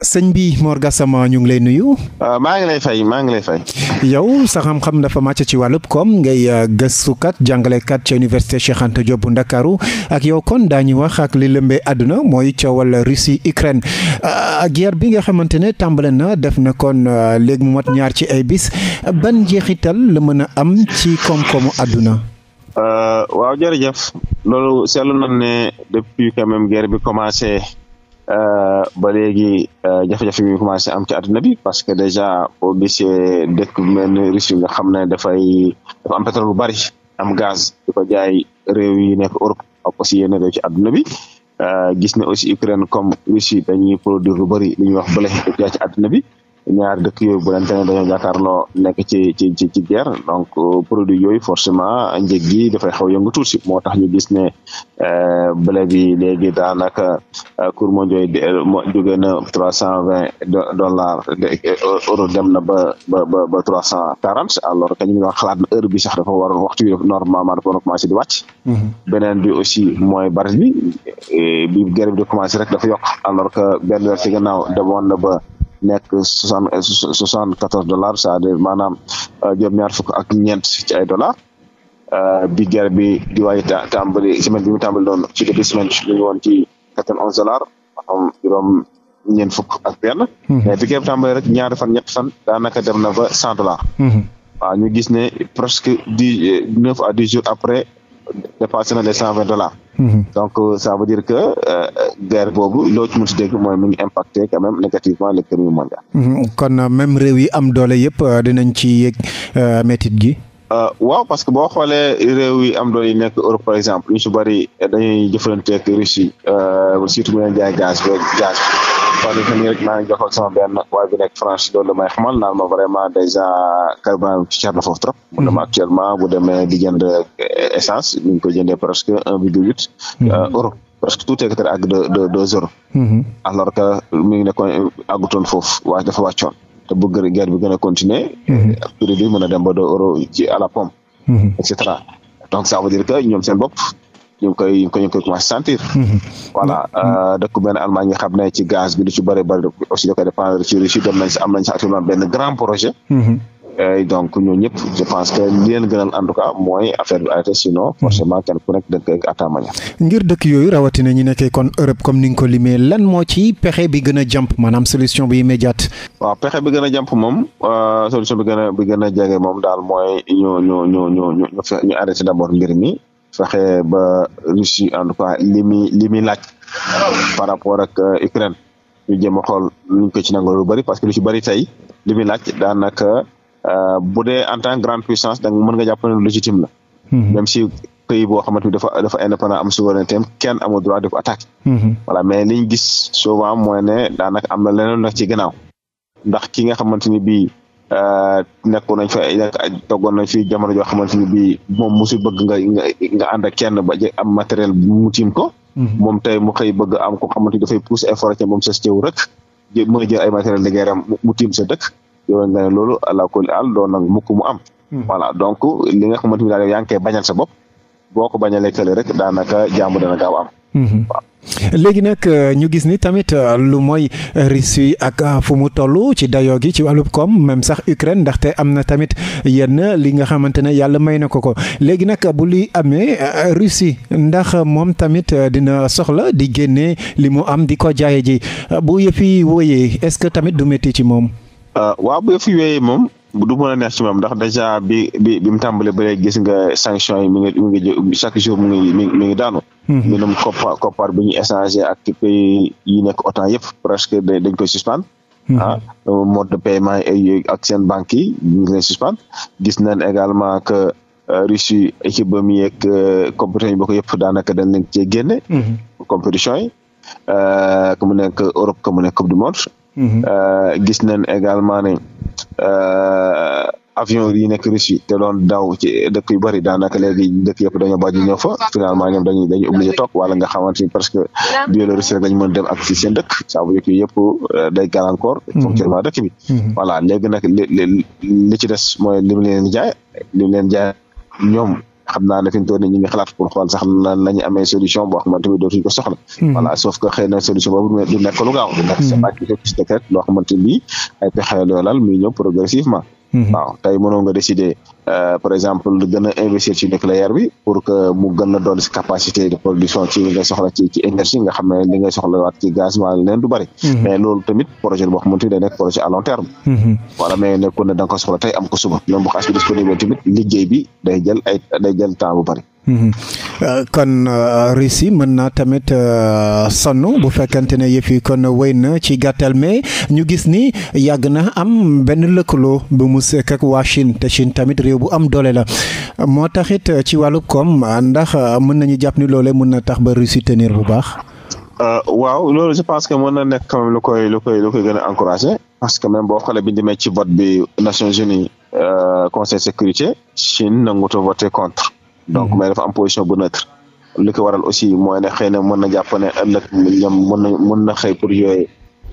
sëñ bi Mor Gassama ñu ngi lay nuyu. Ah, maa ngi lay fay maa ngi lay fay. yow sa xam-xam dafa màcc ci wàllub koom ngay ah, gëstukat jàngalekat ca université Cheikh Anta Diop bu Ndakaaru ak yow kon daa daañu wax ak li lëmbee àdduna mooy coowal Russie Ukraine ah, guerre bi nga xamante ne tàmbale na def na kon léegi mu mat ñaar ci ay bis ban njeexital la mën a am ci koom-koomu àdduna. waaw jërëjëf loolu seetlu na ne depuis quand même guerre bi commencé. Euh, ba léegi euh, jafe-jafe bi commencé am ci àdduna bi parce que déjà boo gisee dëkk bu mel ni Russie nga xam ne dafay dafa am pétrole bu bari am gaz di ko jaay réew yi nekk Europe ak aussi yenn réew ci àdduna bi euh, gis ne aussi Ukraine comme dañ dañuy produire lu bari li ñuy wax bële di ko ci àdduna bi. ñaar dëkk yooyu bu leen tane dañoo jàkkaarloo nekk ci ci ci ci guerre donc produit yooyu forcément njëg gi dafay xaw yëngu tuuti moo tax ñu gis ne euh, blé bi léegi daanaka euh, cours mondial euh, jóge na trois cent vingt dollars euro dem na ba ba ba trois cent quarante alors que ñu ngi doon xalaat heure bi sax dafa war waxtu bi normalement dafa war a commencé di wàcc mhm. beneen bi aussi mooy baris bi bi guerre bi di commencé rek dafa yokk alors que benn weer ci gannaaw demoon na ba nekk soixante euh, soixante quatorze dollars c'est-à-dire maanaam euh, juróom-ñaar fukk ak ñeent ci ay euh, bi guerre bi di waaye tàmbali semaine bi mu tàmbali doon ci juróom ñeent fukk ak ben mhm. mais bi guerre bi tàmbali rek ñaari fan ñett fan daanaka dem na ba cent dollars. Mhm. waaw ñu gis ne presque dix neuf à dix jours après dépassé na les cent vingt dollars. Mhm. donc euh, ça veut dire que euh, guerre boobu loo ci mën si dégg mooy mu ngi impacté quand même négativement l'économie mondiale. Mhm. kon euh, même réew yi am doole yëpp dinañ ci yëg métit gi. waaw parce que boo xoolee réew yi am doole yi nekk Europe par exemple ñu si bëri dañuy jëflanteeg Russie surtout mu leen jaay gaz beeg gaz bi. fan yii fan yii rek maa ngi jokkoo ak sama benn waay bi nekk France loolu la may xamal naan ma vraiment déjà carburant bi cher na foofu trop. Mhm. mu dem actuellement bu demee di jënd essence ñu ngi koy jëndee presque un virgule huit mhm. euh, euro. parce que tout est ak de deux euros. Mhm. alors que mi ngi nekkoon àggutoon foofu waa dafa wàccoon te bu gën guerre bi gën continuer. prix dem ba deux euros ci la pompe. et cetera donc ça veut dire que ñoom seen bop ñu ngi koy ñu ngi koy ñu koy commencé sentir. Mhm. voilà euh, mhm. dëkk benn Allemagne nga xam ne ci gaz bi lu ci bëri bëri aussi de koy dépendre ci Russie dem nañ si am nañ si actuellement benn grand projet. Mhm. donc ñoo ñëpp je pense que li leen gënal en tout cas mooy affaire bi arrêté sinon forcément kenn ku nekk dëkk ak atamaña ngir dëkk yooyu rawatina ñi nekkee kon Europe comme ni nga ko limee lan moo ci pexe bi gën a jàmp maanaam solution bi immédiate waaw pexe bi gën a jàmp moom euh, solution bi gën a bi gën a jege moom daal mooy ñu ñu ñu ñu ñu ñu arrêté d' abord mbir mi fexe ba Russie en tout cas li muy li muy laaj par rapport ak euh, Ukraine ñu jéem a xool luñ ko ci nangoo lu bëri parce que lu ci bëri tey li muy laaj daanaka euh, bu dee en tant que grande puissance da nga mën nga jàpp la. Mm-hmm. même si pays boo xamante ni dafa dafa indépendant am souveraineté kenn amul droit def attaque. Mm-hmm. voilà mais liñ gis souvent mooy ne daanaka am na leneen nag ci ndax ki nga xamante Euh, nekkoon nañ fa toggoon nañ fi jamono joo xamante ni bii moom musu bëgg nga nga ànd ak kenn ba am matériel mu tiim ko. Mm-hmm. moom tey mu xëy bëgg am ko xamante ni dafay pousse effort ca moom sas cëw rek mën a jël ay matériel de guerre sa dëkk yow nga ne loolu àla kulli àll doon nag mukk mu am. Mm-hmm. voilà donc li nga xamante ni daal yaa ngi koy bañal sa bopp boo ko bañalee kële rek daanaka jàmm dana gaaw am. Mm-hmm. léegi nag euh, ñu gis ni tamit euh, lu mooy euh, Russie ak fu mu toll ci dayo gi ci wàllub koom même sax Ukraine ndaxte am na tamit yenn li nga xamante ne yàlla may na ko ko léegi nag bu li amee Russie ndax moom tamit dina soxla di génnee li mu am di ko jaaye ji bu yëfi wooyee est-ce que tamit du métti ci moom. waaw bu yëfi wooyee moom du mën a neex ci moom ndax dèjà bi mu tàmbalee ba gis nga sanction yi mi ngi mi ngi chaque jour mu ngi mi ngi daanu. Mhm. mbirum koppar koppar bi ñu échangé ak pays yi nekk OTAN yëpp presque dañ koy suspendre. Mhm. ah mode de paiement ak seen banques yi ñu ngi leen suspendre gis nañ également que. Euh, Russie équipe ba mu yeeg euh, compétition yi ba ko yëpp daanaka dañ leen cee génne. Mhm. compétition yi euh, que mu nekk Europe que mu nekk Coupe du Monde. gis nañ également Euh, avion yi nekk Russie te doon daw ci dëkk yu bëri daanaka léegi dëkk yëpp dañoo bàyyi ñëw fa finalement ñoom dañuy dañuy obligé toog wala nga xamante ni parce que Biélorussie rek lañ mën dem ak dek saa dëkk ça veut dire que yëpp euh, day gàllankoor. Mhm. fonctionnement dëkk bi. Mhm. voilà léegi nag li li ci des mooy li mu leen jaay leen jaay ñoom. xam naa ne fi ñu toll nii ñu ngi xalaat sax lan la solution boo xamante ni dootuñu ko soxla. Hmm. sauf que xëy na solution boobu du nekk lu gaaw. Hmm. du nekk semence bi fekk si loo xamante ni ay pexe loolal muy ñëw progressivement. Mhm. waaw tey mënoo nga décider euh, par exemple gën a investir ci nucléaire bi pour que mu gën a dolli si capacité de production ci li nga soxla ci énergie nga xam ne nga soxla waat ci gaz wala leneen du bëri mhm. mais loolu tamit projet boo xamante ni projet à long terme wala mhm. mais ne da nga ko soxla tey am ko suba même bu xas bi disponible tamit liggéey bi day jël temps bu Mhm. Euh, kon euh, Russie mën naa tamit euh, sonn bu fekkente ne yëf yi kon wéy na ci gàttal mais ñu gis ni yàgg na am benn lëkkaloo bu mu sekk ak waa Chine te Chine tamit réew bu am doole la moo taxit ci wàllu koom ndax mën nañu jàpp ni loole mën na tax ba Russie tenir bu baax. waaw loolu je pense que mën na nekk quand lu koy lu koy lu koy gën a encouragé parce que même boo xoolee bi ñu demee ci vote bi Nations Unies Conseil sécurité Chine na nanguto voté contre. donc mhm. mais dafa am position bu neutre li ko waral aussi mooy ne xëy na mën na jàpp ne ëllëg ñoom mën na mën na xëy pour yooyu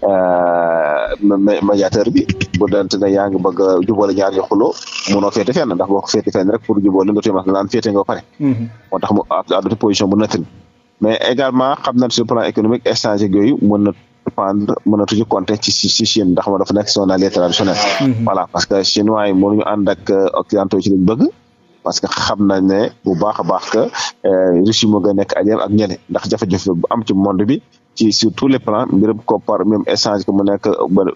euh, médiateur bi bu dante yaa ngi bëgg a jubóole ñaar yu xuloo munoo féete fenn ndax boo ko féete fenn rek pour jubóole nga tuuti naan féete nga pare. Mhm. moo tax mu adopté position bu neutre mais également xam na sur plan économique échange yooyu mën na dépendre mën toujours compter ci ci Chine ndax ma dafa nekk son mhm. parce que chinois yi euh, bëgg. parce que xam nañ ne bu baax a baax que euh, Russie moo a nekk allié ak ñeneen ndax jafe-jafe bu am ci monde bi ci sur tous les plans mbirum koppar même échange que mu nekk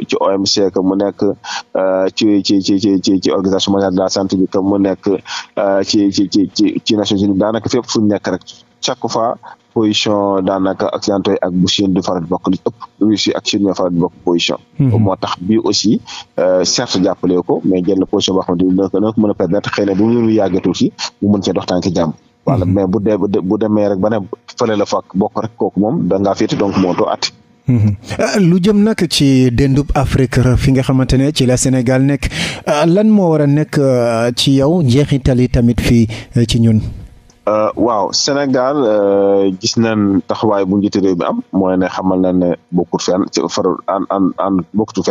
ci OMC que mu nekk euh, ci ci ci ci ci ci organisation mondiale de la santé bi que mu nekk euh, ci ci ci ci Nations Unies daanaka fépp fu nekk rek chaque fois. position daanaka Occidentaux yi ak bu Chine du faral di bokk li ëpp Russie ak Chine ñoo faral di bokk position. Mhm. moo tax bii aussi euh, certes jàppale ko mais jël na position boo xam ne dina ko mën a permettre xëy na bu mu yàggatul mhm. demee rek ba ne fële la fakk bokk rek kooku moom da ngaa féete donc moo too atti. Mhm. Euh, lu jëm nag ci dendub Afrique fi nga xamante ne ci la Sénégal nekk euh, lan moo war a nekk ci yow njeexitali tamit fii ci ñun. Euh, waaw Sénégal euh, gis nañ taxawaay bu njiitu bi am mooy ne xamal na ne bokkut fenn ci faru an an an bokkutu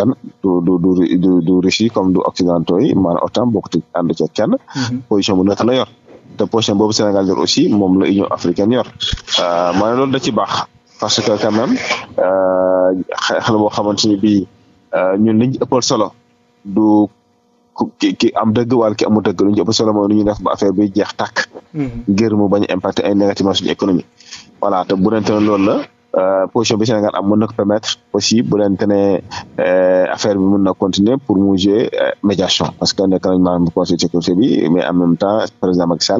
du du du du du riche yi comme du occidentaux yi maanaam autant bokkutu ànd ci kenn. Mhm. position bu nekk la yor. te position boobu Sénégal yor aussi moom la Union africaine yor euh, ma ne loolu da ci baax parce que quand a xel boo xamante ni bii ñun liñ ëppal solo du ki ki am dëgg wala ki amul dëgg lu ñu ëppal solo mooy lu ñuy def ba affaire bi jeex tàkk. Mm-hmm. ngir mu bañ a impacté ay négativement suñu économie voilà te bu dente la euh, position bi Sénégal am mën na ko permettre aussi bu dente ne euh, affaire bi mën na continuer pour mu jouer euh, médiation parce que nekk nañ maanaam conseil de bi mais en même temps président Macky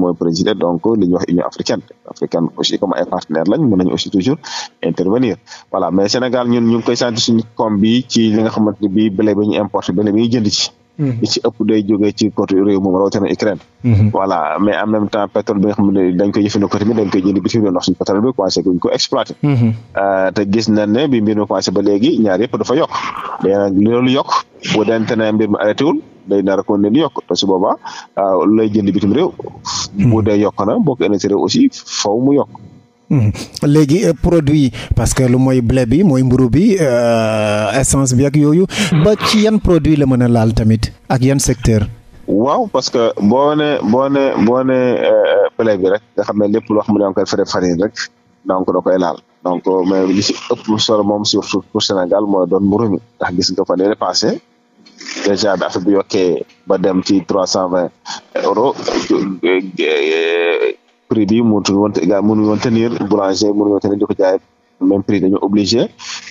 mooy président donc li wax union africaine africaine aussi comme ay partenaire lañ mën nañu aussi toujours intervenir voilà mais Sénégal ñun ñu ngi koy sant suñu koom bi ci li nga xamante ni bii bële bi ñu importé bële bi ñu jënd ci Mm-hmm. li ci ëpp day jógee ci côté réew moom rawatina Ukraine. Mm-hmm. voilà mais en même temps pétrole bi nga xam ne koy jëfandikoo dañ koy jënd bitim réew ndax suñu pétrole bi commencé guñ ko exploité. Mm-hmm. Euh, te gis nañ ne ba léegi ñaar yëpp dafa yokk léegi nag loolu yokk bu dente ne mbir mi arrêté wul day a ko leen yokk te su boobaa euh, lay jënd bitim réew. bu dee yokk na bokk énergie réew aussi faw mu yokk. Hmm. léegi euh, produit parce que lu mooy blé bi mooy mburu bi euh, essence bi ak yooyu ba ci yan produit la mën a laal tamit ak yan secteur waaw parce que boo ne boo ne boo ne euh, bi rek nga xam ne lépp loo xam ne da nga fere farine rek donc da koy laal donc mais li si ëpp solo moom surtout pour Sénégal mooy doon mburu mi ndax gis nga fa ne passé déjà bi affaire bi yokkee ba dem ci trois cent vingt euros prix bi mënutul woon tenir boulanger mënuñu tenir di ko jaay même prix dañu obligé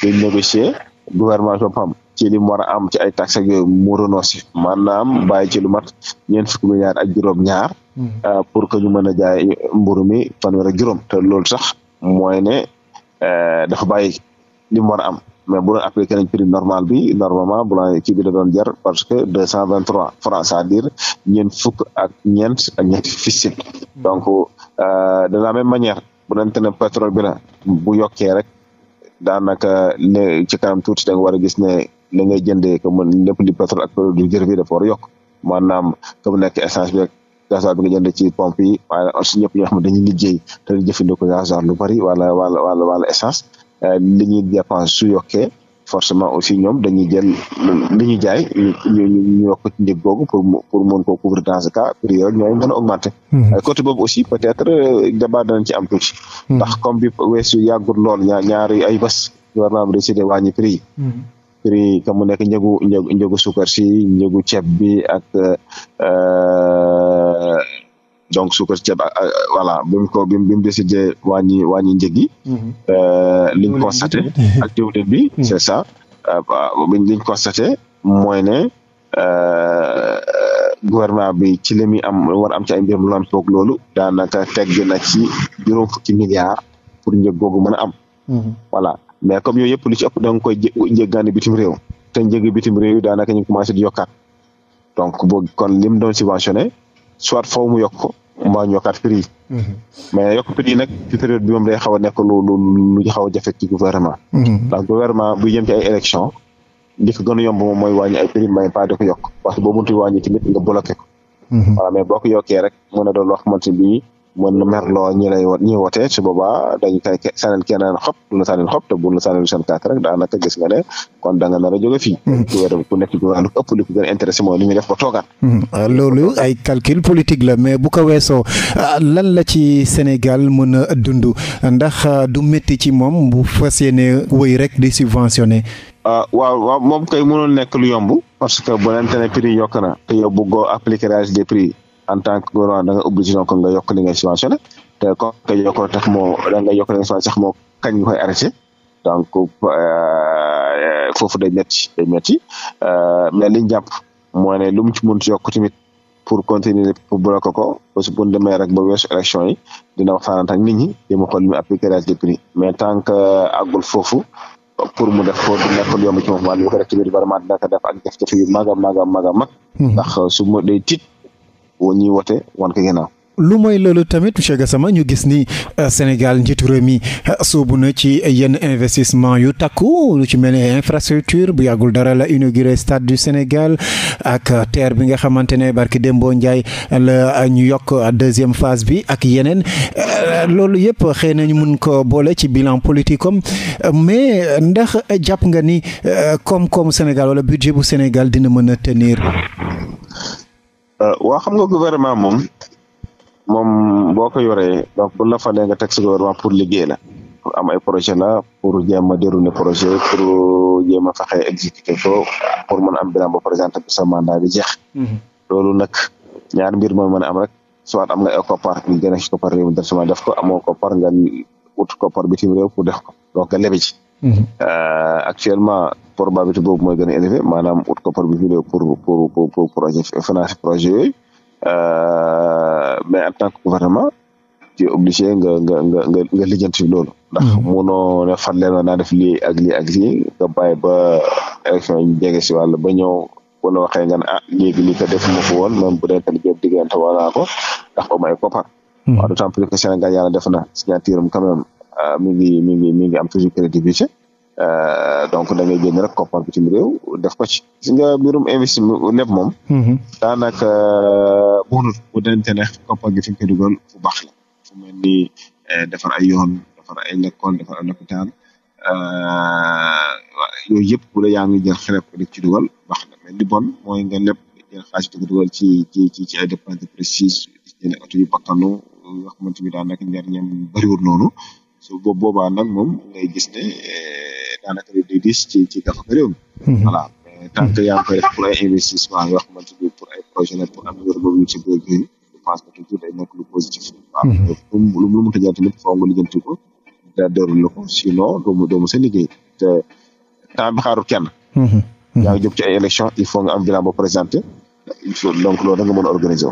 dañ négocier gouvernement boppam ci li mu war am ci ay taxes ak yooyu mu renoncé maanaam bàyyi ci lu mat ñeent fukki milliards ak juróom-ñaar. Mm-hmm. Euh, pour que ñu mën a jaay mburu mi fanweer ak juróom te loolu sax mooy ne euh, dafa bàyyi li mu war am. mais bu doon appliqué nañ prix normal bi normalement bu la kii bi da doon jar parce que de cent vingt trois francs c'est-à-dire ñeent fukk ak ñeent ak ñeenti mm-hmm. donc Euh, de la même manière bu dante ne pétrole bi la bu yokkee rek daanaka ne ci kanam tuuti da nga war a gis ne li ngay jëndee que mën lépp li pétrole ak produit jër bi dafa war a yokk maanaam que mu nekk essence bi rek gasoil bi nga jënd ci pompe yi waaye aussi ñëpp ñoo xam ne dañuy liggéey te jëfandikoo gasoil lu bari wala wala wala wala essence euh, li ñuy dépense su yokkee forcément aussi ñoom dañuy jël li ñu jaay ñu ñu yokk ci njëg googu pour pour mën koo couvrir dans ce cas prix yooyu ñooy mën a augmenter. Mhm. Euh, côté boobu aussi peut être euh, débat danañ ci am tuuti. Mhm. ndax comme bi weesu yàggul lool ñaari ay bés gouvernement bi décidé wàññi prix yi. Mhm. prix nekk njëgu njëgu njëgu si njëgu ceeb bi ak. Euh, donc suukar ceeb euh, voilà bi mu ko bi mu wàññi wàññi njëg yi. Mm-hmm. Euh, liñ constaté ak diwlin bi. Mm-hmm. c'est ça euh, liñ constaté mooy ne gouvernement bi ci li muy am war am ci ay mbir la am loolu daanaka tegg na ci juróom fukki milliards pour njëg googu mën a am. Mm-hmm. voilà mais comme yooyu yëpp lu ci ëpp da nga koy jé bitim réew. te njëgi bitim réew yi daanaka ñu commencé di yokkaat donc boo kon lim doon subventionné soit faw mu yokk mbaa ñu yokkaat prix mhm. mais yokk prix yi nag ci période bi moom day a nekk lu lu lu xaw a jafe ci gouvernement mhm. ndax gouvernement bu jëm ci ay élection li ko gën a yomb moom mooy wàññi ay prix mais pas di ko yokk parce nga bloqué ko mhm. mais boo ko rek mën a doon loo xamante ni mën na merloo ñi lay ñi wote su boobaa dañ koy sanel keneen xob la sanel xob te bu la sanel seen carte rek daanaka gis nga ne kon da nga nar a jóge fii gouvernement hmm. ku nekk ci wàllu ëpp li ko gën a intéressé mooy li muy def ba toogaat hmm. euh, loolu ay calcul politique la mais bu ko weesoo euh, lan la ci Sénégal mën a dund ndax euh, du métti ci moom bu fas yéene wëy rek di subventionné waaw waaw moom koy mënoon nekk lu yomb parce que bu lente ne prix yokk na te yow bëggoo appliquer des prix en tant que gouvernement da nga obligé donc nga yokk li ngay subventionné te comme que yokkoo tax moo da nga yokk li ngay subventionné sax moo kañ nga koy arrêté donc euh, foofu day métti day métti euh, mais liñ jàpp mooy ci mënti tamit pour continuer pour bloquer ko parce que bu ñu demee rek ba weesu élection yi dina waxtaan ak nit ñi dima xool mu appliqué rek des prix mais tant que àggul foofu pour mu def ko du nekkul yomb ci moom maanaam li ko def tamit dina ko def ak jafe-jafe yu mag a mag a mag hmm. ma ñuy wote wan ko lu mooy loolu tamit monsieur Gassama ñu gis ni euh, Sénégal njiitu réew mi euh, soobu na ci yenn investissement yu takku lu ci mel ni infrastructure bu yàggul dara la inauguré stade du Sénégal ak terre bi nga xamante ne barki Dembo Ndiaye la ñu yokk deuxième phase bi ak yeneen euh, loolu yëpp xëy nañu mun ko boole ci bilan politique comme mais ndax jàpp nga ni koom-koom Sénégal wala budget bu Sénégal dina mën a tenir. Euh, waa xam nga gouvernement moom moom boo ko yoree donc bu la falee nga teg sa gouvernement pour liggéey na pour am ay projet la pour jéem a dérouler projet pour jéem a fexe exécuter ko pour mën am bilan bo présenté bi sa mandat bi jeex mhm. loolu nag ñaar mbir moo mën a am rek soit am nga ay koppar nga gën a koppar réew mi def ko amoo koppar nga ut koppar bitim réew pour def ko donc nga lebi Euh, actuellement probabilité boobu mooy gën a élevé maanaam ut koppar bi vidéo pour pour pour pour projet financer projet yooyu euh, mais en tant que gouvernement tu es obligé nga nga nga nga nga lijjanti loolu. ndax mm-hmm. munoo ne fan leen naa def lii ak lii ak lii nga bàyyi ba élection yi jege si wàll ba ñëw bu la waxee nga ne ah léegi lii ko def ma ko woon même bu dee tamit diggante wala ko ndax ba may koppar. Mm-hmm. waaw d'autant plus que Sénégal yàlla def na signature am quand même Euh, mi ngi mi ngi mi ngi am toujours crédibilité euh, donc def ko ci gis nga mbirum investissement lépp mm-hmm. daanaka euh, bonut bu dente ne koppar gi fi nga ko dugal fu baax la defar ay yoon defar ay lekkool defar ay lopitaan yooyu yëpp bu la yaa ngi jël xelep ko ci dugal baax na mais li mooy nga lépp ci ci ci ay dépenses précises jënd oto yu bakkanu yoo xamante ni daanaka njariñam bëriwul noonu so boobu boobaa nag moom ngay gis ne eh, daanaka day diis ci ci dafa réew mi mhm. voilà mais tant que yaa ngi koy def pour ay investissement yoo a ni pour ay projet positif lu mhm. lu mu tëjaat lépp foo nga da dóorul la ko sinon doomu sa liggéey te temps bi xaaru kenn mhm. yaa ngi jëm ci ay élection il faut nga am bilan boo présenté donc loolu da nga mën a organiser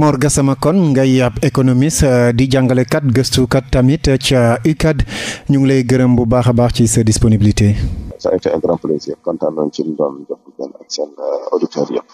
Mor Gassama kon ngay ab économiste euh, di jàngalekat gëstukat tamit ca UCAD ñu ngi lay gërëm bu baax a baax ci sa disponibilité. ça a